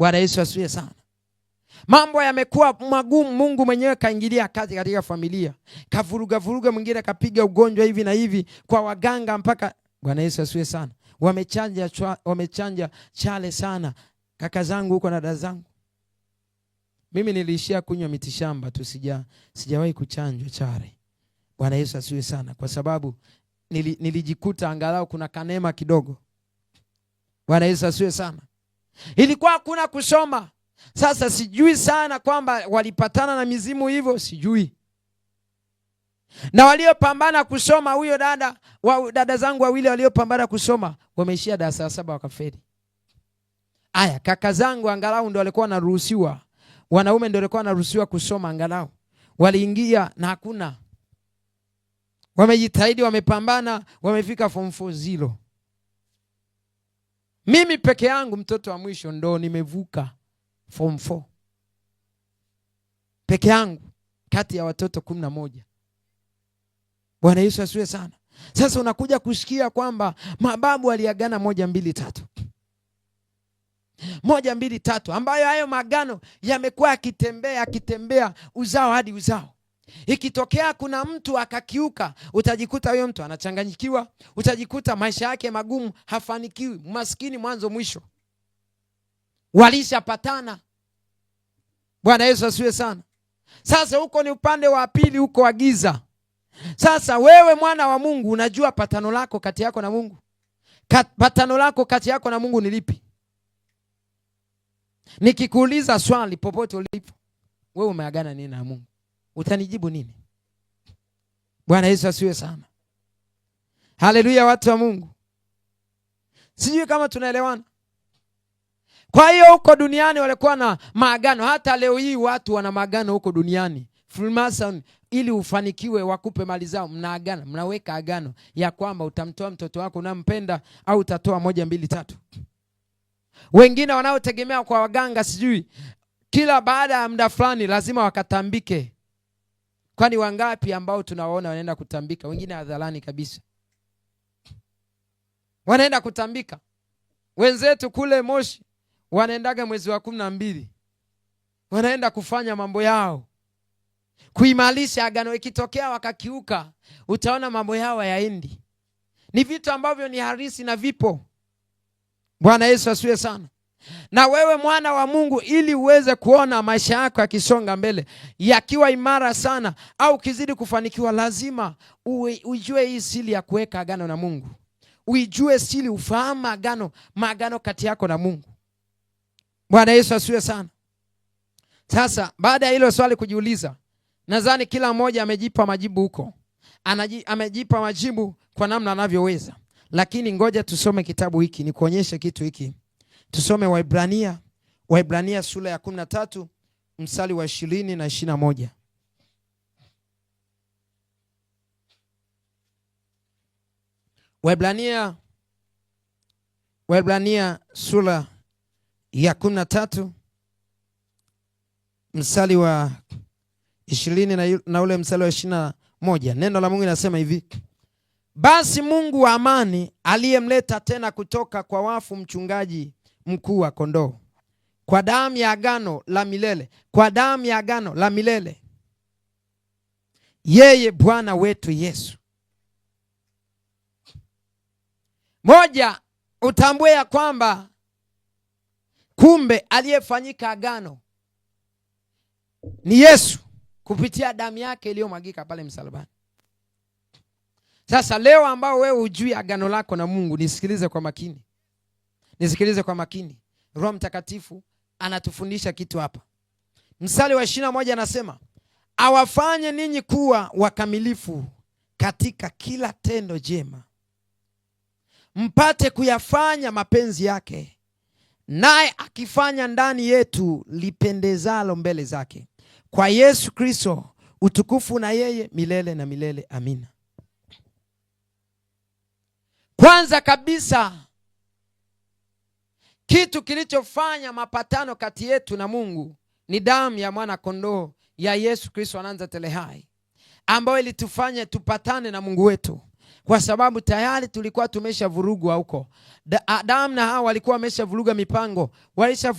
Bwana Yesu asifiwe sana. Mambo yamekuwa magumu, Mungu mwenyewe kaingilia kazi katika familia, kavuruga vuruga, mwingine akapiga ugonjwa hivi na hivi kwa waganga mpaka. Bwana Yesu asifiwe sana. Wamechanja, chwa, wamechanja chale sana, kaka zangu huko na dada zangu. Mimi niliishia kunywa mitishamba tu, sija sijawahi kuchanjwa chale. Bwana Yesu asifiwe sana, kwa sababu nilijikuta nili angalau kuna kanema kidogo. Bwana Yesu asifiwe sana. Ilikuwa hakuna kusoma. Sasa sijui sana kwamba walipatana na mizimu hivyo, sijui. Na waliopambana kusoma huyo dada wa, dada zangu wawili waliopambana kusoma wameishia darasa la saba wakafeli. Aya, kaka zangu angalau ndo walikuwa wanaruhusiwa, wanaume ndo walikuwa wanaruhusiwa kusoma angalau, waliingia na hakuna, wamejitahidi, wamepambana, wamefika form 4 zero. Mimi peke yangu mtoto wa mwisho ndo nimevuka form 4 peke yangu kati ya watoto kumi na moja. Bwana Yesu asiwe sana. Sasa unakuja kusikia kwamba mababu aliagana moja mbili tatu moja mbili tatu, ambayo hayo magano yamekuwa yakitembea yakitembea uzao hadi uzao. Ikitokea kuna mtu akakiuka, utajikuta huyo mtu anachanganyikiwa, utajikuta maisha yake magumu, hafanikiwi, maskini mwanzo mwisho. Walishapatana. Bwana Yesu asiwe sana. Sasa huko ni upande wa pili, huko wa giza. Sasa wewe mwana wa Mungu, unajua patano lako kati yako na Mungu, patano lako kati yako na Mungu ni lipi? Nikikuuliza swali popote ulipo, wewe umeagana nini na Mungu? utanijibu nini? Bwana Yesu asiwe sana. Haleluya, watu wa Mungu, sijui kama tunaelewana. Kwa hiyo huko duniani walikuwa na maagano, hata leo hii watu wana maagano huko duniani. Freemason, ili ufanikiwe wakupe mali zao, mnaagana, mnaweka agano ya kwamba utamtoa mtoto wako unampenda au utatoa moja mbili tatu. Wengine wanaotegemea kwa waganga, sijui kila baada ya muda fulani lazima wakatambike Kwani wangapi ambao tunawaona wanaenda kutambika, wengine hadharani kabisa, wanaenda kutambika. Wenzetu kule Moshi wanaendaga mwezi wa kumi na mbili, wanaenda kufanya mambo yao kuimarisha agano. Ikitokea wakakiuka, utaona mambo yao hayaendi. Ni vitu ambavyo ni harisi na vipo. Bwana Yesu asiwe sana na wewe mwana wa Mungu, ili uweze kuona maisha yako yakisonga mbele yakiwa imara sana, au ukizidi kufanikiwa, lazima uwe, ujue hii siri ya kuweka agano na Mungu, uijue siri, ufahamu agano, maagano kati yako na Mungu. Bwana Yesu asiwe sana. Sasa baada ya hilo swali kujiuliza, nadhani kila mmoja amejipa majibu huko, amejipa majibu kwa namna anavyoweza, lakini ngoja tusome kitabu hiki nikuonyeshe kitu hiki Tusome Waibrania, Waibrania sura ya kumi na tatu mstari wa ishirini na ishirini na moja. Waibrania Waibrania sura ya kumi na tatu mstari wa ishirini na ule mstari wa ishirini na moja neno la Mungu linasema hivi: basi Mungu wa amani aliyemleta tena kutoka kwa wafu mchungaji mkuu wa kondoo, kwa damu ya agano la milele, kwa damu ya agano la milele. Yeye Bwana wetu Yesu. Moja, utambue ya kwamba kumbe aliyefanyika agano ni Yesu kupitia damu yake iliyomwagika pale msalabani. Sasa leo ambao wewe hujui agano lako na Mungu, nisikilize kwa makini. Nisikilize kwa makini. Roho Mtakatifu anatufundisha kitu hapa. Mstari wa ishirini na moja anasema awafanye ninyi kuwa wakamilifu katika kila tendo jema, mpate kuyafanya mapenzi yake, naye akifanya ndani yetu lipendezalo mbele zake, kwa Yesu Kristo utukufu na yeye milele na milele. Amina. Kwanza kabisa kitu kilichofanya mapatano kati yetu na Mungu ni damu ya mwana kondoo ya Yesu Kristo ananza hai, ambayo ilitufanya tupatane na Mungu wetu, kwa sababu tayari tulikuwa tumesha vurugwa huko. Adamu na Hawa walikuwa wamesha vuruga mipango, walisha